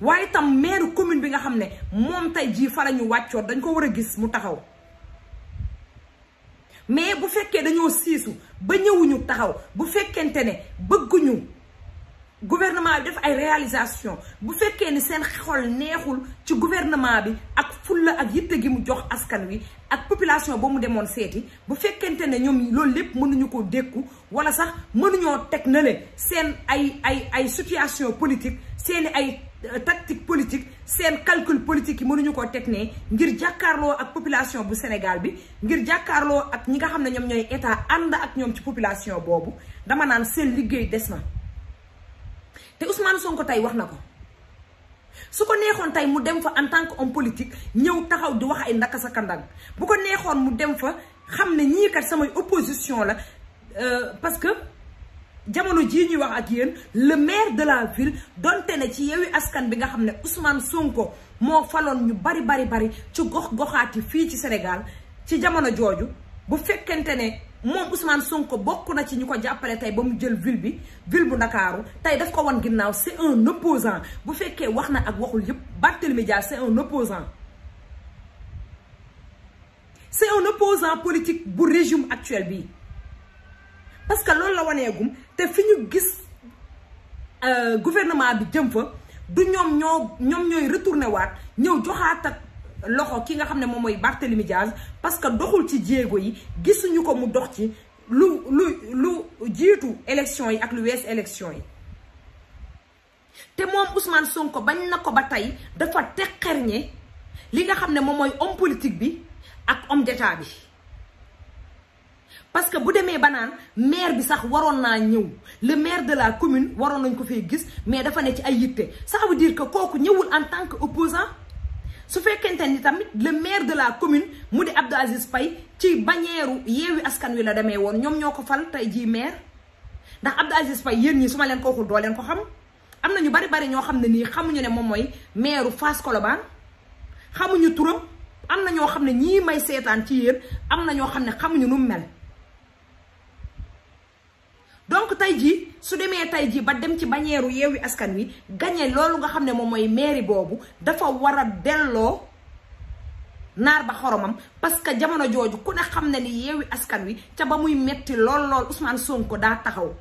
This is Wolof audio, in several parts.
waaye itam maire commune bi nga xam ne moom tey jii fa la ñu wàccoon dañ ko war a gis mu taxaw mais bu fekkee dañoo siisu ba ñëwuñu taxaw bu fekkente ne bëgguñu gouvernement bi def ay réalisation bu fekkee ni seen xol neexul ci gouvernement bi ak fulla ak yitte gi mu jox askan wi ak population ba mu demoon seeti bu fekkente ne ñoom loolu lépp mënuñu ko dékku wala sax mënuñoo teg na le seen ay ay ay situation politique seeni ay Euh, tactique politique seen calcul politique yi mënuñu koo teg ne ngir jàkkaarloo ak population bu Sénégal bi ngir jàkkaarloo ak ñi nga xam ne ñoom ñooy état ànd ak ñoom ci population boobu dama naan seen liggéey des na te Ousmane Sonko tey wax na ko su ko neexoon tey mu dem fa en tant que homme politique ñëw taxaw di wax ay ndaka sa kandang bu ko neexoon mu dem fa xam ne ñii kat samay opposition la euh, parce que jamono jii ñuy wax ak yéen le maire de la ville donte ne ci Yewwi Askan bi nga xam ne Ousmane Sonko moo faloon ñu bari bari bari ci gox goxaati fii ci Sénégal ci jamono jooju bu fekkente ne moom Ousmane Sonko bokk na ci ñu ko jàppale tey ba mu jël ville bi ville bu Ndakaaru tey daf ko won ginnaaw c'est un opposant bu fekkee wax na ak waxul yëpp Barthélémy Dias c'est un opposant c'est un opposant politique bu régime actuel bi parce que loolu la waneegum te fi ñu gis euh, gouvernement bi jëm fa du ñoom ñoo ñoom ñooy retourné waat ñëw joxaat ak loxo ki nga xam ne moom mooy Barthélemy Diaz parce que doxul ci jéego yi gisuñu ko mu dox ci lu lu lu jiitu élection yi ak lu wees élection yi te moom Ousmane Sonko bañ na ko ba tey dafa teqerñe li nga xam ne moom mooy homme politique bi ak homme d'état bi parce que bu demee ba naan maire bi sax waroon naa ñëw le maire de la commune waroon nañ ko fee gis mais dafa ne ci ay yitte sax veut dire que kooku ñëwul en tant que opposant su fekkente ni tamit le maire de la commune mu di Abdou Aziz pay ci bañeeru yeewi askan wi la demee woon ñoom ñoo ko fal tey jii maire ndax Abdou Aziz Paye yéen ñii su ma leen ko waxul doo leen ko xam am na ñu bari bari ñoo xam ne nii xamuñu ne moom mooy maireu Fass Colobane xamuñu turam am na ñoo xam ne ñii may seetaan ci yéen am na ñoo xam ne xamuñu nu mu mel. donc tey jii su demee tey jii ba dem ci bañeeru yeewi askan wi gañe loolu nga xam ne moom mooy mairie boobu dafa war a delloo naar ba xoromam parce que jamono jooju ku ne xam ne ni yeewi askan wi ca ba muy metti lool lool Ousmane Sonko daa taxaw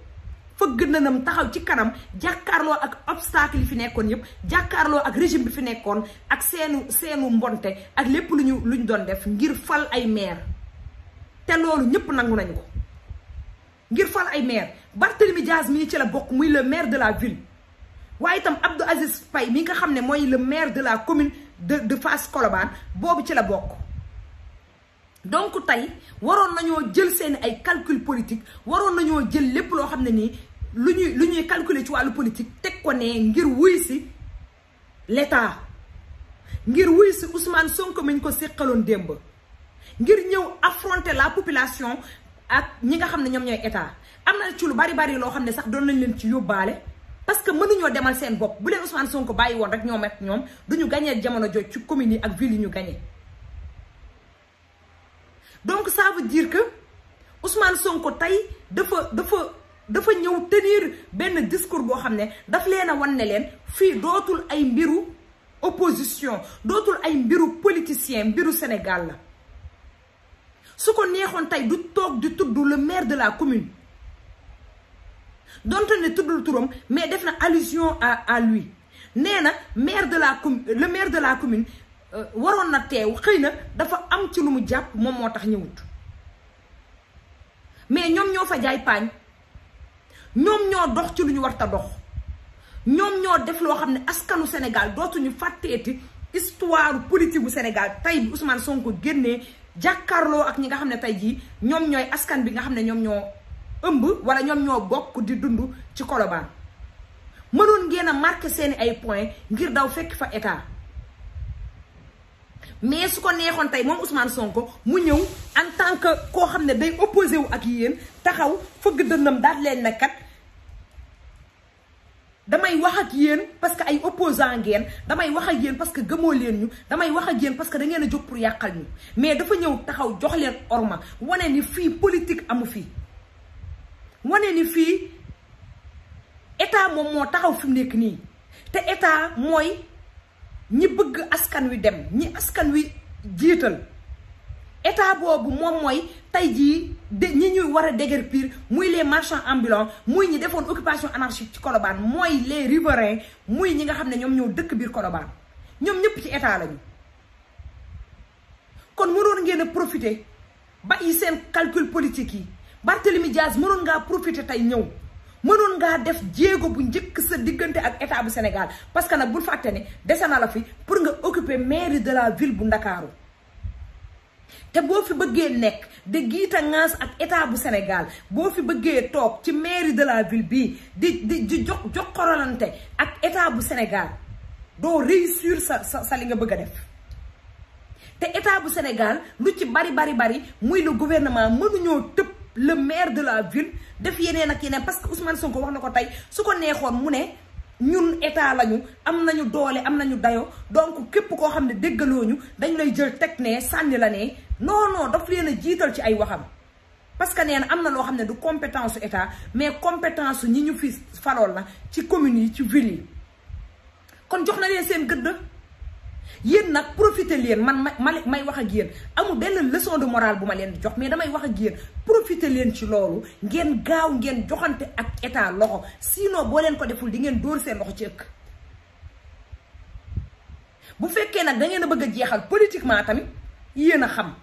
fëgg nanam taxaw ci kanam jàkkaarloo ak obstacle yi fi nekkoon yépp jàkkaarloo ak régime bi fi nekkoon ak seenu seenu mbonte ak lépp lu ñu doon def ngir fal ay maire te loolu ñépp nangu nañu ko ngir fal ay maire Barthélemy Diaz mii ci la bokk muy le maire de la ville waaye itam Abdou Aziz Faye mi nga xam ne mooy le maire de la commune de de Fass Colobane boobu ci la bokk donc tey waroon nañoo jël seeni ay calcul politique waroon nañoo jël lépp loo xam ne nii lu ñuy lu ñuy calculer ci wàllu politique teg ko ne ngir wuy si l'état ngir wuy si Ousmane Sonko mi ñu ko séqaloon démb ngir ñëw affronter la population ak ñi nga xam ne ñoom ñooy état am na ci lu bari bari loo xam ne sax doon nañ leen ci yóbbaale parce que mënuñoo demal seen bopp bu leen Ousmane Sonko bàyyi woon rek ñoom ak ñoom jamono jooj ci communes ak ville yi ñu gagné. donc ça veut dire que tey dafa dafa dafa ñëw tenir benn discours boo xam ne daf leen a wan ne leen fii dootul ay mbiru opposition dootul ay mbiru politicien mbiru Sénégal la su ko neexoon tey du toog di tudd le maire de la commune. donte ne tuddul turam mais def na allusion à lui nee na maire de la commune le maire de la commune euh, waroon na teew xëy na dafa am ci lu mu jàpp moom moo tax ñëwut mais ñoom ñoo fa jaay paañ ñoom ñoo dox ci lu ñu war ta dox ñoom ñoo def loo xam ne askanu Sénégal dootuñu fàtteeti histoire politique bu Sénégal tey bi Ousmane Sonko génnee jàkkaarloo ak ñi nga xam ne tey jii ñoom ñooy askan bi nga xam ne ñoom ñoo ëmb wala ñoom ñoo bokk di dund ci kolomaan mënoon ngeen a marqué seeni ay point ngir daw fekk fa état mais su ko neexoon tey moom Ousmane Sonko mu ñëw en tant que koo xam ne day opposé wu ak yéen taxaw fëgg dënnam daal leen na kat damay wax ak yéen parce que ay opposant ngeen damay wax ak yéen parce que gëmoo leen ñu damay wax ak yéen parce que da ngeen a jóg pour yàqal ñu mais dafa ñëw taxaw jox leen orma wane ni fii politique amu fii wane ni fii état moom moo taxaw fi nekk nii te état mooy ñi bëgg askan wi dem ñi askan wi jiital état boobu moom mooy tey jii de ñi ñuy war a déguerpir muy les marchands ambulants muy ñi defoon occupation anarchique ci Colobane mooy les riverains muy ñi nga xam ne ñoom ñoo dëkk biir Colobane ñoom ñëpp ci état lañu kon mënoon ngeen a ba yi seen calcul politique yi. Barthélemy Dias mënoon ngaa profité tey ñëw mënoon ngaa def jéego bu njëkk sa diggante ak état bu Sénégal parce que nag bul fàtte ne dese na la fi pour nga occuper mairie de la ville bu Ndakaaru te boo fi bëggee nekk di giita ngaas ak état bu Sénégal boo fi bëggee toog ci mairie de la ville bi di di di jox jox ak état bu Sénégal doo réussir sa sa li nga bëgg a def te état bu Sénégal lu ci bari bari bari muy le gouvernement mënuñoo tëb. le maire de la ville def yeneen ak yeneen parce que soo ko wax na ko tey su ko neexoon mu ne ñun état lañu am nañu doole am na ñu dayoo donc képp koo xam ne ñu dañu lay jël teg ne sànni la ne non non daf leen a jiital ci ay waxam. parce que nee am na loo xam ne du compétence su état mais compétence ñi ñu fi falool la ci commune yi ci ville yi kon jox na leen seen gëdd. yéen nag profité leen man ma may wax a yéen amul benn leçon de morale bu ma leen di jox mais damay wax a yéen profité leen ci loolu ngeen gaaw ngeen joxante ak état loxo sinon boo leen ko deful di ngeen dóor seen loxo ci ëkk. bu fekkee nag da a bëgg a jeexal politiquement tamit yéen a xam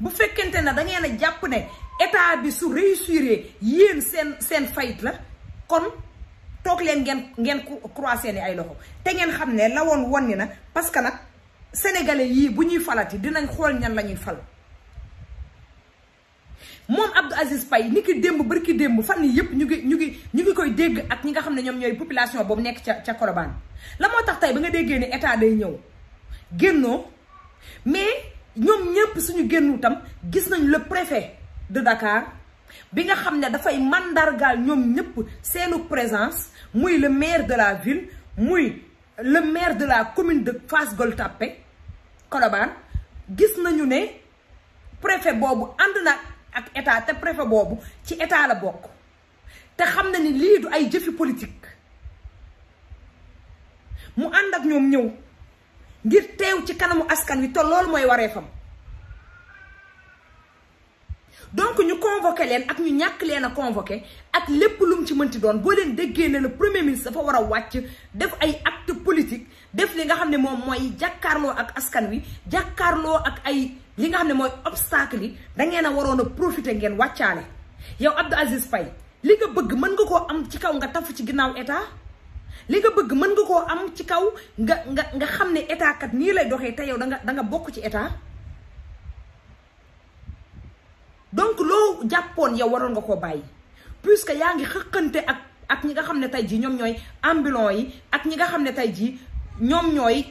bu fekkente ne da ngeen a jàpp ne état bi su réussir yéen seen seen fayit la kon. toog leen ngeen ngeen croisé ni ay loxo te ngeen xam ne la woon won ni na parce que nag sénégalais yii bu ñuy falati dinañ xool ñan lañuy fal moom Abdou Aziz Paye ni ki démb bërki démb fan yi yëpp ñu ngi ñu ngi ñu ngi koy dégg ak ñi nga xam ne ñoom ñooy population boobu nekk ca ca Colobane la moo tax tey ba nga déggee ni état day ñëw génnoo mais ñoom ñëpp suñu génnu tam gis nañ le préfet de Dakar bi nga xam ne dafay mandargaal ñoom ñëpp seenu présence muy le maire de la ville muy le maire de la commune de Fass Gueule Tapée Colobane gis nañu ne préfet boobu ànd na ak état te préfet boobu ci état la bokk te xam na ni lii du ay jëfi politique mu ànd ak ñoom ñëw ngir teew ci kanamu askan wi te loolu mooy wareefam donc ñu convoqué leen ak ñu ñàkk leen a convoqué ak lépp lu mu ci mënti doon boo leen déggee ne le premier ministre dafa war a wàcc def ay acte politique def li nga xam ne moom mooy jàkkaarloo ak askan wi jàkkaarloo ak ay li nga xam ne mooy obstacle yi da ngeen a waroon a profité ngeen wàccaale yow Abdou Aziz fay li nga bëgg mën nga koo am ci kaw nga tafu ci ginnaaw état li nga bëgg mën nga koo am ci kaw nga nga nga xam ne état kat nii lay doxee te yow da nga da nga bokk ci état. donc loo jàppoon yow waroon nga koo bàyyi puisque yaa ngi xëqante ak ak ñi nga xam ne tey jii ñoom ñooy ambulant yi ak ñi nga xam ne tey jii ñoom ñooy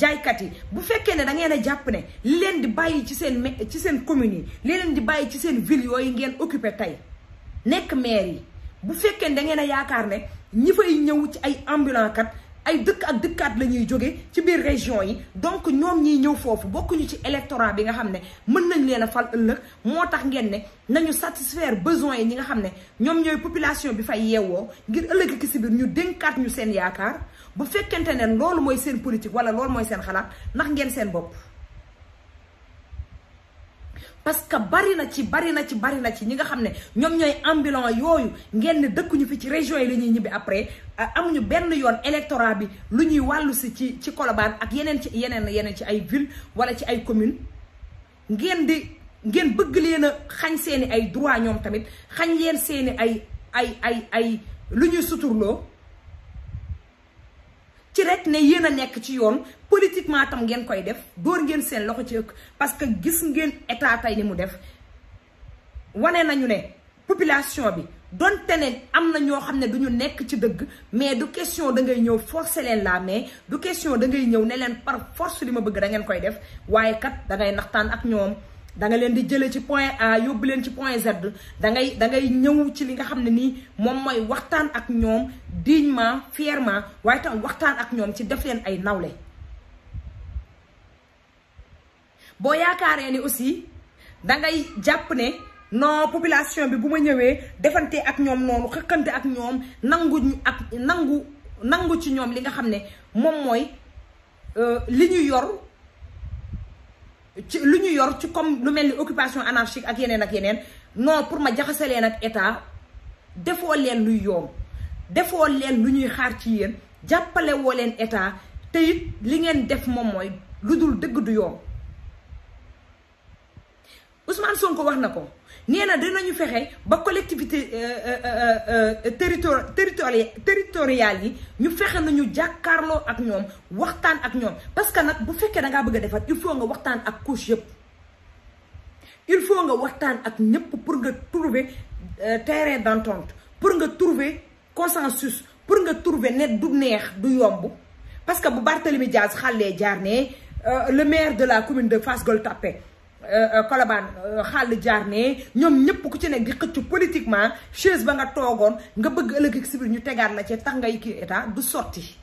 jaaykat yi bu fekkee ne da ngeen a jàpp ne li leen di bàyyi ci seen ci seen communes yi li leen di bàyyi ci seen ville yooyu ngeen occupé tey nekk maire yi bu fekkee ne da ngeen a yaakaar ne ñi fay ñëw ci ay ambulant kat ay dëkk ak dëkkaat la ñuy jógee ci biir région yi donc ñoom ñiy ñëw foofu bokkuñu ci électorat bi nga xam ne mën nañ leen a fal ëllëg moo tax ngeen ne nañu satisfaire besoins yi ñi nga xam ne ñoom ñooy population bi fay yeewoo ngir ëllëg ki si biir ñu dénkaat ñu seen yaakaar bu fekkente neen loolu mooy seen politique wala loolu mooy seen xalaat ndax ngeen seen bopp parce que bari na ci bari na ci bari na ci ñi nga xam ne ñoom ñooy ambulant yooyu ngeen ne dëkkuñu fi ci région yi lañuy ñibbi après euh, am ñu benn yoon électorat bi lu ñuy wàllu ci ci Colobane ak yeneen ci yeneen yeneen ci ay ville wala ci ay commune ngeen di ngeen bëgg leen a xañ seeni ay droit ñoom tamit xañ leen seeni ay ay ay ay lu ñuy suturloo ci rek ne yéen a nekk ci yoon politiquement tam ngeen koy def dóor ngeen seen loxo ci ëkk parce que gis ngeen état tey ni mu def wane nañu ne population bi donte ne am na ñoo xam ne du ñu nekk ci dëgg mais du question da ngay ñëw forcer leen laa mais du question da ngay ñëw ne leen par force li ma bëgg da koy def waaye kat da ngay naxtaan ak ñoom. da nga leen di jëlee ci point A yóbbu leen ci point Z da ngay da ngay ñëw ci li nga xam ne nii moom mooy waxtaan ak ñoom dignement fièrement waaye tam waxtaan ak ñoom ci def leen ay nawle. boo yaakaaree ni aussi da ngay jàpp ne non population bi bu ma ñëwee defante ak ñoom noonu xëkkante ak ñoom nangu ak nangu nangu ci ñoom li nga xam ne moom mooy euh, li ñu yor. ci lu ñu yor ci comme lu mel ni occupation anarchique ak yeneen ak yeneen non pour ma jaxase leen ak état defoo leen luy yoom defoo leen lu ñuy xaar ci yéen jàppale woo leen état te it li ngeen def moom mooy lu dul dëgg du yoom Ousmane Sonko wax na ko. nee na dinañu fexe ba collectivité euh, euh, euh, territor territori territoriales yi ñu fexe nañu jàkkaarloo ak ñoom waxtaan ak ñoom parce que nag bu fekkee da ngaa bëgg a defar il faut nga waxtaan ak couche yëpp il faut nga waxtaan ak ñëpp pour nga trouver terrain d'entente pour nga trouver consensus pour nga trouver ne du neex du yomb parce que bu Barthélemy Diaz xàllee jaar ne le maire de la commune de Fass Gueule Tapée Euh, euh, Colobane xàll jaar ne ñoom ñëpp ku ci nekk di xëccu politiquement chaise ba nga toogoon nga bëgg ëllëg ak sibir ñu tegaat la ci tax ngay kii état du sorti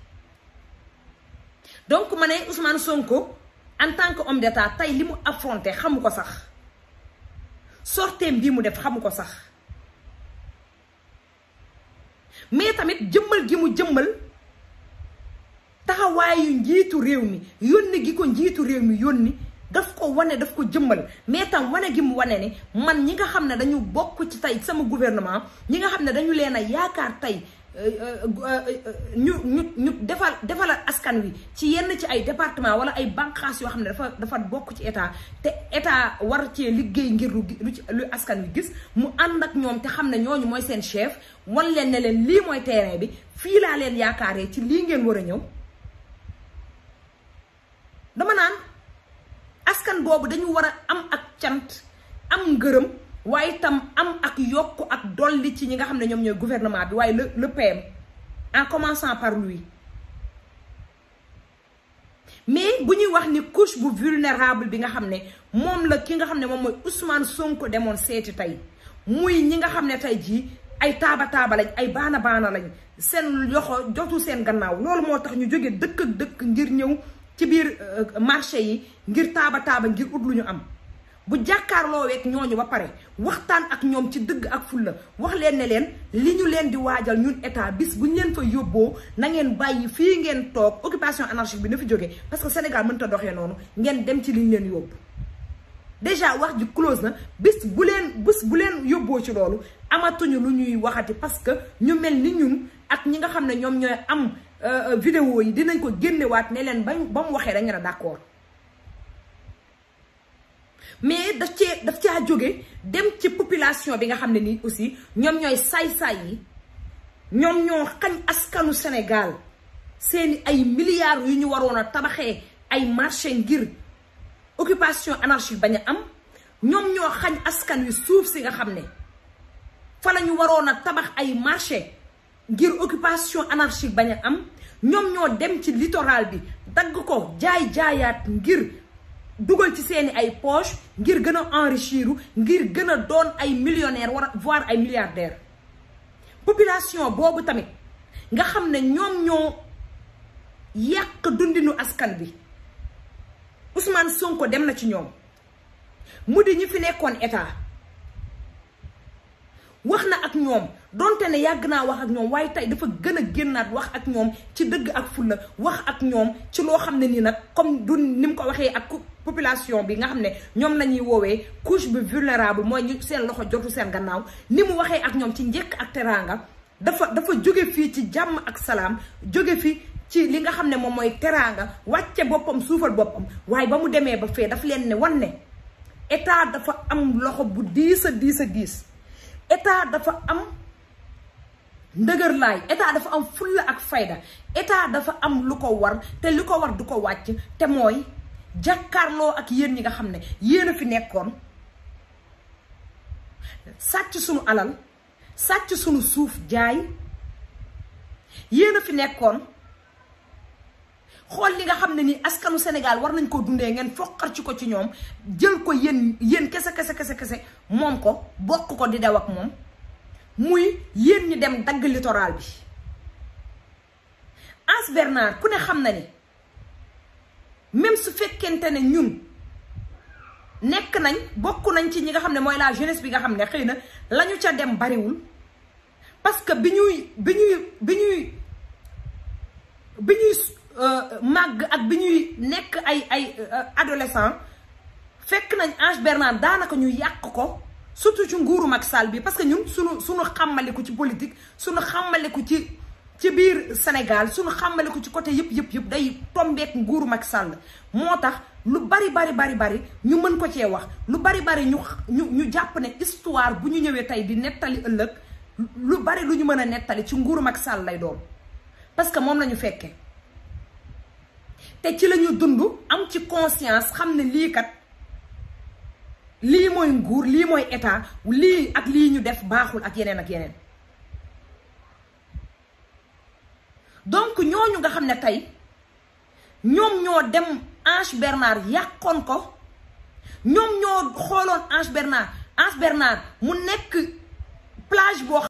donc ma ne Ousmane Sonko en tant que homme d'état tey li mu affronté xamu ko sax sorteem bii mu def xamu ko sax mais tamit jëmmal gi mu jëmmal taxawaayu njiitu réew mi yónni gi ko njiitu réew mi yónni. daf ko wane daf ko jëmmal mais tam wane gi mu wane ne man ñi nga xam ne dañu bokk ci tey sama gouvernement ñi nga xam ne dañu leen a yaakaar tey euh, euh, euh, ñu ñu ñu defal defalal askan wi ci yenn ci ay département wala ay bànqaas yoo xam ne dafa dafa bokk ci état te état war cee liggéey ngir lu lu ci lu askan wi gis mu ànd ak ñoom te xam ne ñooñu mooy seen chef wan leen ne leen lii mooy terrain bi fii laa leen yaakaaree ci lii ngeen war a ñëw dama naan. askan boobu dañu war a am ak cant am ngërëm waaye itam am ak yokk ak dolli ci ñi nga xam ne ñoom ñooy gouvernement bi waaye le le PM en commençant par lui mais bu ñuy wax ni couche bu vulnérable bi nga xam ne moom la ki nga xam ne moom mooy Ousmane Sonko demoon seeti tey muy ñi nga xam ne tey jii ay taaba taaba lañ ay baana baana lañ seen yoxo jotu seen gannaaw loolu moo tax ñu jóge dëkk ak dëkk ngir ñëw ci biir euh, marché yi ngir taaba taaba ngir ut lu ñu am bu jàkkaarlooweek ñooñu ba pare waxtaan ak ñoom ci dëgg ak fulla wax leen ne leen li ñu leen di waajal ñun état bis bu ñu leen fa yóbboo na ngeen bàyyi fii ngeen toog occupation anarchique bi na fi jógee parce que Sénégal mënut a doxee noonu ngeen dem ci li ñu leen yóbbu. déjà wax ji close na bis bu leen bis bu leen yóbboo ci loolu amatuñu lu ñuy waxati parce que ñu mel ni ñun ak ñi nga xam ne ñoom ñooy am. Euh, euh, vidéo yi dinañ ko génnewaat ne leen ba ba mu waxee dañ la d'accord mais daf cee daf caa jóge dem ci population bi nga xam ne nii aussi ñoom ñooy saay-saay yi ñoom ñoo xañ askanu Sénégal seeni ay milliards yu ñu waroon a tabaxee ay marché ngir occupation anarchique bañ a am ñoom ñoo xañ askan yu suuf si nga xam ne fa la ñu waroon a tabax ay marché ngir occupation anarchique bañ a am ñoom ñoo dem ci littoral bi dagg ko jaay jaayaat ngir dugal ci seeni ay poche ngir gën a enrichiru ngir gën a doon ay millionnaire war voire ay milliardaire population boobu tamit nga xam ne ñoom ñoo yàq dundinu askan bi son ko dem na ci ñoom mu di ñi fi nekkoon état wax na ak ñoom donte ne yàgg naa wax ak ñoom waaye tey dafa gën a génnaat wax ak ñoom ci dëgg ak fulla wax ak ñoom ci loo xam ne nii nag comme du ni mu ko waxee ak population bi nga xam ne ñoom la ñuy woowee couche bi mooy ñu seen loxo jotu seen gannaaw ni mu waxee ak ñoom ci njëkk ak teraanga dafa dafa jóge fii ci jàmm ak salaam jóge fii ci li nga xam ne moom mooy teraanga wàcce boppam suufal boppam waaye ba mu demee ba fee dafa leen ne wan ne état dafa am loxo bu diis a diis a diis état dafa am ndëgër laay état dafa am fulla ak fayda état dafa am lu ko war te lu ko war du ko wàcc te mooy jàkkaarloo ak yéen yi nga xam ne yéen a fi nekkoon sàcc sunu alal sàcc sunu suuf jaay yéen a fi nekkoon xool li nga xam ne ni askanu Sénégal war nañ koo dundee ngeen foqar ci ko ci ñoom jël ko yéen yéen kese kese kese kese moom ko bokk ko di daw ak moom muy yéen ñi dem dagg littoral bi Anse Bernard ku ne xam na ni même su fekkente ne ñun nekk nañ bokk nañ ci ñi nga xam ne mooy la jeunesse bi nga xam ne xëy na lañu ca dem bariwul parce que bi ñuy bi ñuy bi ñuy bi ñuy euh, màgg ak bi ñuy nekk ay ay euh, adolescent fekk nañ Anse Bernard daanaka ñu yàq ko surtout ci nguuru Macky Sall bi parce que ñun su suñu xàmmaliku ci politique suñu xàmmaliku ci ci biir Sénégal suñu xàmmaliku ci côté yëpp yëpp yëpp day tombeek nguuru Macky Sall moo tax lu bari bari bari bari ñu mën ko cee wax lu bari bari ñu ñu ñu jàpp ne histoire bu ñu ñëwee tey di nettali ëllëg lu bari lu ñu mën a nettali ci nguuru Macky Sall lay doom parce que moom nañu fekkee te ci lañu ñu dund am ci conscience xam ne lii kat. lii mooy nguur lii mooy état lii ak lii ñu def baaxul ak yeneen ak yeneen donc ñooñu nga xam ne tey ñoom ñoo dem Ange Bernard yàqoon ko ñoom ñoo xooloon Ange Bernard Ange Bernard mu nekk plage boo